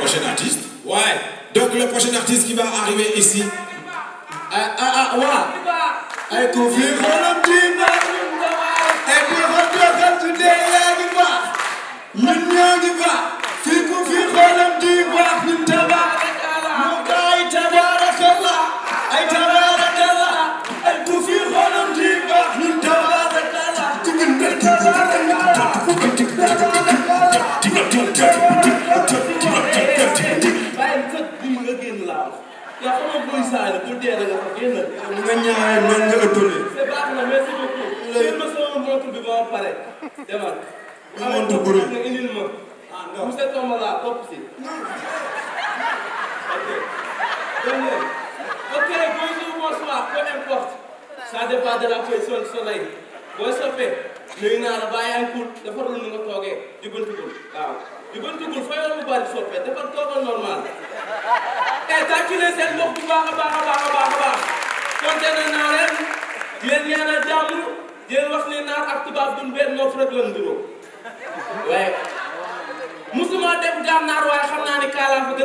prochain artiste. Ouais. Donc le prochain artiste qui va arriver ici. Ah ah ah, ouais. Elle confirme. bu nga ñaanee mën nga ëppale. baax na merci beaucoup. léegi ma sama montre bi ba pare. demal. montre bu rëy nga indil ma. ah non monsieur Tomba laa topp si. ok. donc ok bonjour bonsoir peu importe. de la position du soleil. booy soppee. nuyu naa la bàyyi ay kuul defarul nu nga toogee jubantugul bu bari soppee defar toogal normal. tey tàccu leen bu baax a baax baax baax. konte na naa leen di leen ñaanal jàmm di leen wax ne naar ak tubaab duñ benn noofu rek lan duróo gën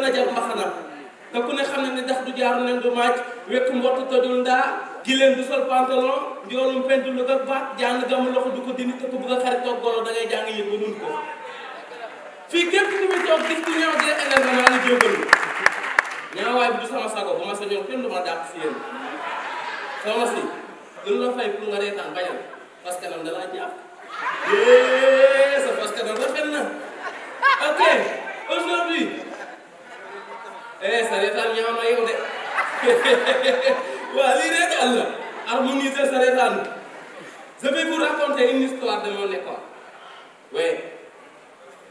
a jar mbaxana te ne xam du jaaru lu ga baat jàng gamu loxo du ko dindi te ku bëgg a xarit toog golo da jàng yëg ba nun ko fii képp ku fi toog gis ku ñëw dee énervement ni jógalu ñaawaay bi sama sago ba ma sañoon kenn du ma dàq si yéen soxna si duñ la fay pour nga reetaan bañal parce que nam da laa sa parce que nam rafet na ok aujourd'hui eh sa reetaan ñaaw na yow de waaw lii reetaan la harmoniser sa reetaan je vais vous raconter une histoire de mon école oui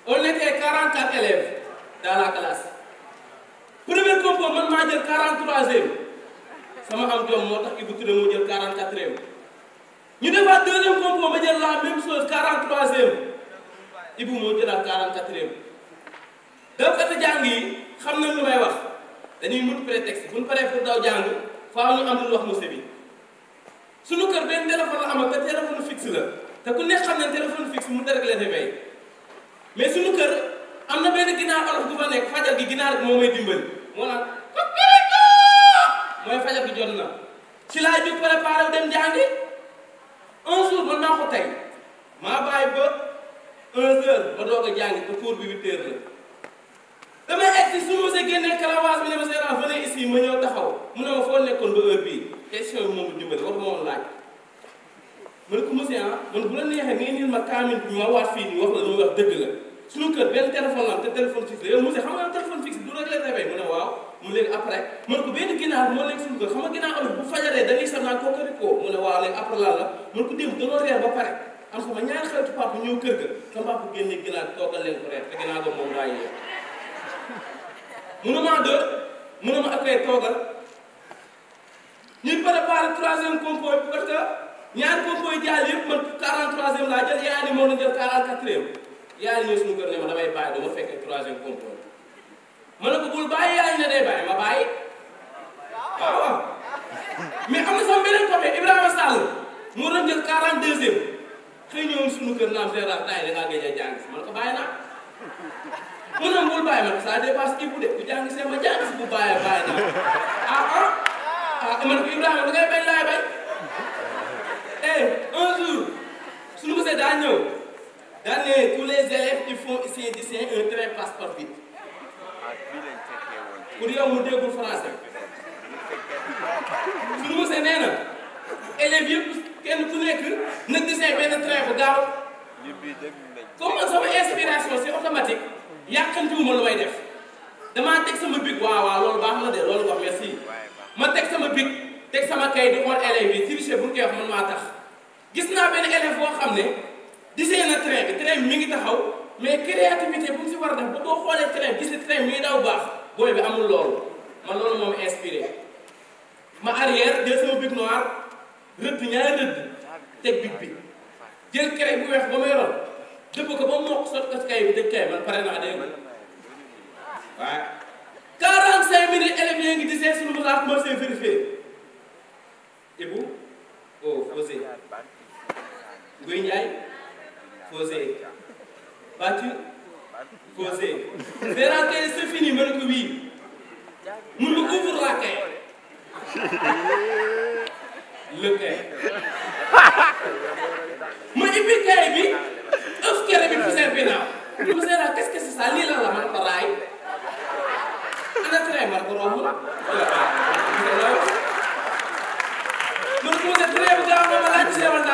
on était 44 élèves dans la classe premier man maa jël 43e sama am jom moo tax Ibou Touré moo jël 44eem ñu defaat deuxième compo ba jël la même chose 43eem Ibou moo jëlaat 44eem. donc kat jàng yi xam nañ lu may wax dañuy mut prétexte bu ñu paree pour daw jàng faaw ñu am lu wax monsieur bi suñu kër benn téléphone la amal te téléphone fixe la te ku nekk xam ne téléphone mu dara leen mais suñu kër am na benn ginaar olof bu fa ne fajar gi ginaar moo may dimbali moo naan. mooy fajar gi jot na ci laa jóg préparé dem jàngi un jour mën naa ko tey maa bàyyi ba un ba doog a jàngi te cours bi huit heures la damay egg si su ma see génnee cravage bi ne ma seeraan venez ici ma ñëw taxaw mu ne ma foo nekkoon ba heure bii question bi moom dimbali waxuma woon laaj man ku ma see ah, man bu la neexee ngeen nil ma kaamil bi waat fii nii wax la lu wax dëgg la suñu kër benn téléphone la te téléphone fixe la yow monsieur xam nga téléphone fixe du rek naa kooku rek koo mu ne waaw léegi après lan la mu ne ko démb danoo reer ba pare am sama ñaari xaritu papa ñëw laa yee mu ne maa ah dër mu ne ma après toogal que ñaari compo yi jaay yëpp man 43e laa jël yaa ni moo na jël 44e yaay ñëw suñu kër ma damay bàyyi dama fekkee troisième contrôle ma ne ko bul bàyyi yaay ne day bàyyi ma bàyyi waaw waaw mais am na sama beneen copain Ibrahima Sall moo doon jël quarante deuxième xëy ñëwoon suñu kër naam Gérard daay da ngaa gëj a jàng si ma ne ko bàyyi naa mu ne bul ma ko ça dépasse kii bu de bu jàng see ma jàng si bu bàyyi bàyyi naa ah ah ah ma ne ko Ibrahima da ngay bañ laay bañ eh un daa ñëw daanee tous les élèves qui font ici lycée un trait passe par vite pour yow mu déggul français suñu mose nee na élèves yëpp kenn ku nekk na dessin benn trait bu gaaw comme sama inspiration c'est automatique yàqantiwuma lu may def damaa teg sama bic waaw waaw loolu baax na de loolu wax merci ma teg sama bic teg sama kay di xool élèves yi tricher bu ñu koy man maa tax gis naa benn élève boo xam ne gisee na train bi train mi ngi taxaw mais créativité bu mu si war a def bu boo xoolee train gis ni train mi ngi daw baax booy bi amul loolu ma loolu moom inspiré ma arrière jël sama bic noir rëdd ñaari rëdd teg bic bi jël craie bu weex ba ma yoroon dëpp ko ba mokk sot ko kay bi dëj kay man pare naa dégg waaye 45 minutes élèves yi ngi di seen suñu laaj commencé vérifier Ibou oh Fosé Guy Ndiaye Causé battu Causé mais raté fini ma ne wii mu ne ouvre la cahier le cahier ma ibbi cahier bi ëff kere bi poussin bi naaw poussin la qu'est-ce que c'est ça lii lan la man ko raay ana train man ko romb la man ko train bi daaw ma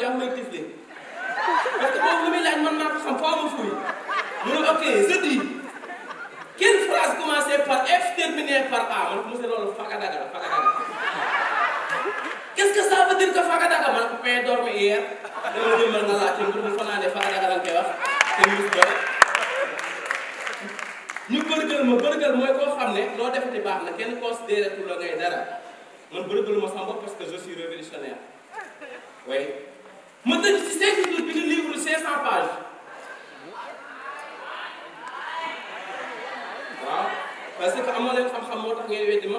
yaa ngi may tifle man maa ko xam foo ma fuy mu ok je dis quelle phrase commencée par F terminée par A man monsieur loolu fakadaga la fakadaga qu'est-ce que ça veut dire que fakadaga man ko pain dormi hier nga laajte mbir fa naa ne fakadaga lañ koy wax te ñu bërgël ma bërgël mooy koo xam ne loo defati baax na kenn considéré tu la ngay dara man bërgël ma sama parce que je révolutionnaire mën nañu ci cinq jours bi ñu livre cinq cent pages waaw parce que amoo leen xam-xam moo tax ngeen weddi ma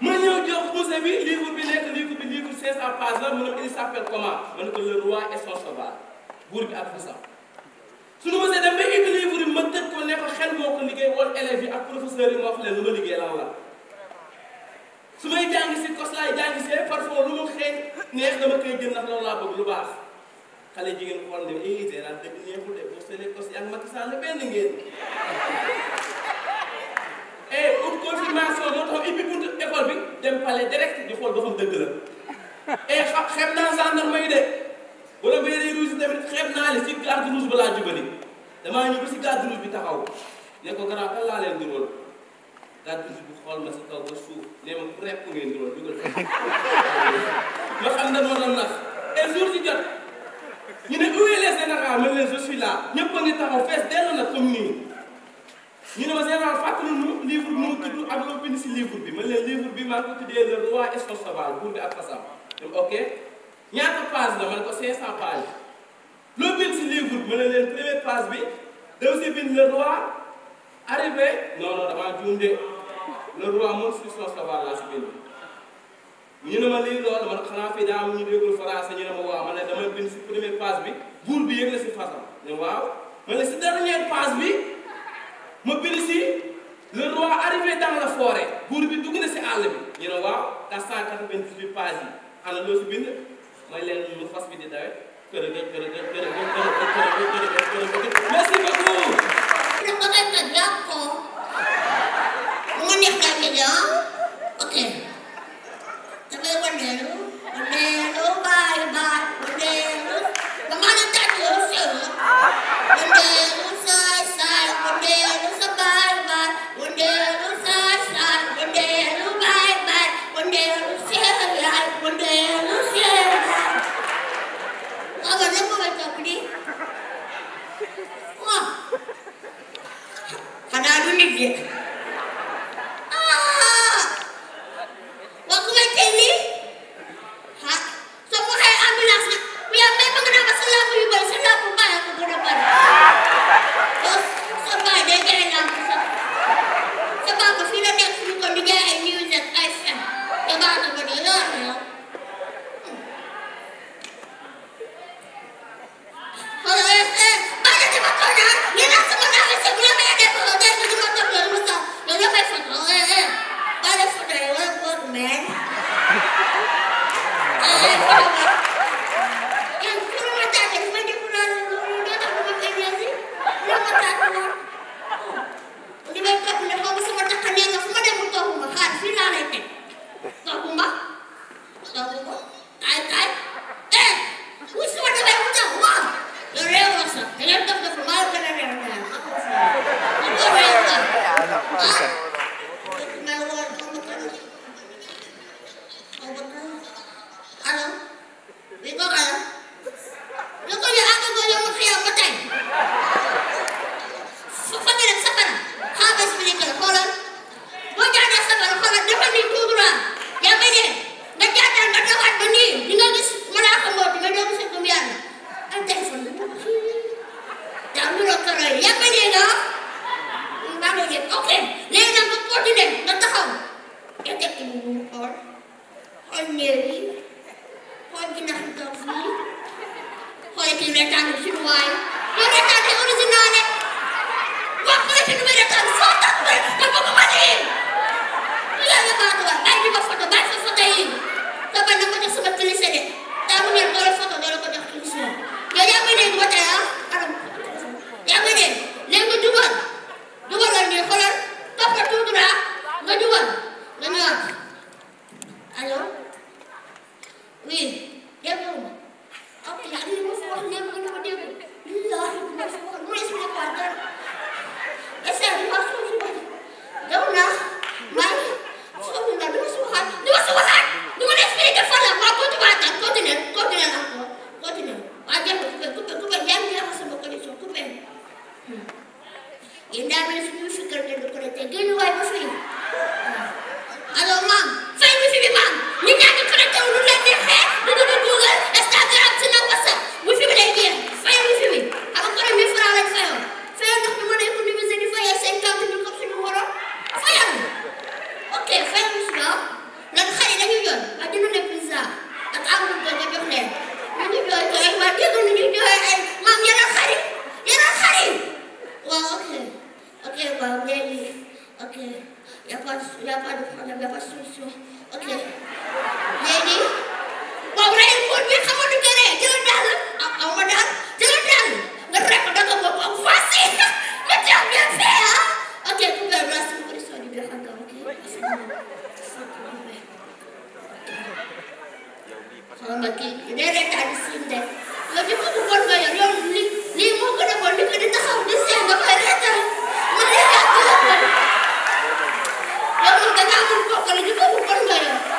ma ñëw jox poussé bi livre bi nekk livre bi livre cinq cent pages la mu ne il s'appelle comment ma ne ko le roi et son cheval bi ak fusam suñu ma see dem ba yi ma tëj ko ne xel moo ko liggéey woon élèves yi ak professeurs yi moo xam leen lu ma liggéey lan la su may jàngi si kos laay jàngi see parfois lu ma xëy neex dama koy jël ndax loolu laa bëgg lu baax xale jigéen xool ne eh Général dëgg de boo selee ko si ak Macky Sall benn ngeen. eh bi dem palais direct di xool ba xam dëgg la eh xa xeeb naa gendarmerie de wala beneen rouge tamit xeeb naa li si garde rouge balaa jubali damaa ñëw ba si garde rouge bi taxaw ne ko grand kan laa leen di daa dund bu xool ma sa kaw ba suuf nee ma ku rekk ngeen doon dugal xam dañ ma doon nax et jour ci jot ñu ne où est les généraux man leen je suis là ñëpp a ngi taxaw fees dellu na comme nii ñu ne ma général fàttali nu livre bi mu tudd loo bind si livre bi man leen livre bi maa ko tuddee le roi inconcevable buur bi ak fasam dem ok ñaata page la man ko 500 pages loo bind si livre bi ma leen première page bi dama si bind le roi le roi moom suuf son savoir laa si bind ñu ne ma lii loolu man xanaa fii daa ñu ne ma waaw man ne damay bind si première page bi buur bi yëg la si façon ne waaw man ne si dernière page bi ma bind si le roi arrivé dans la forêt buur bi dugg na si àll bi ñu ne waaw 498 pages yi ana loo si bind mooy leen lu fas bi di dawe kër ga kër ga kër ga kër ga kër ga kër ga merci beaucoup neex naa leen di ok damay waneelu waneelu baay baay waneelu ba maanaam tànn yow sew waneelu saay saay waneelu sa baay baay waneelu saay saay waneelu baay baay waneelu sew yaay waneelu sew yaay waaw ba lépp ba topp di waaw xanaa du nit il n'y a pas de problème dafa solution ok léegi boobu rek góor bi xamal lu gën a jël daal aw ah, ah, ma daal jël daal nga rek da nga bokk ak voici ma jàpp bien fait ah ok pour que la suñu production du bien encore ok parce que xam nga kii day reetaan di siin de yow di ko bu bon nga yor yow li lii moo gën a bon li ko di taxaw di seen nga koy reetaan 아니 나무를 꺾어내지 뭐못 걸은 거야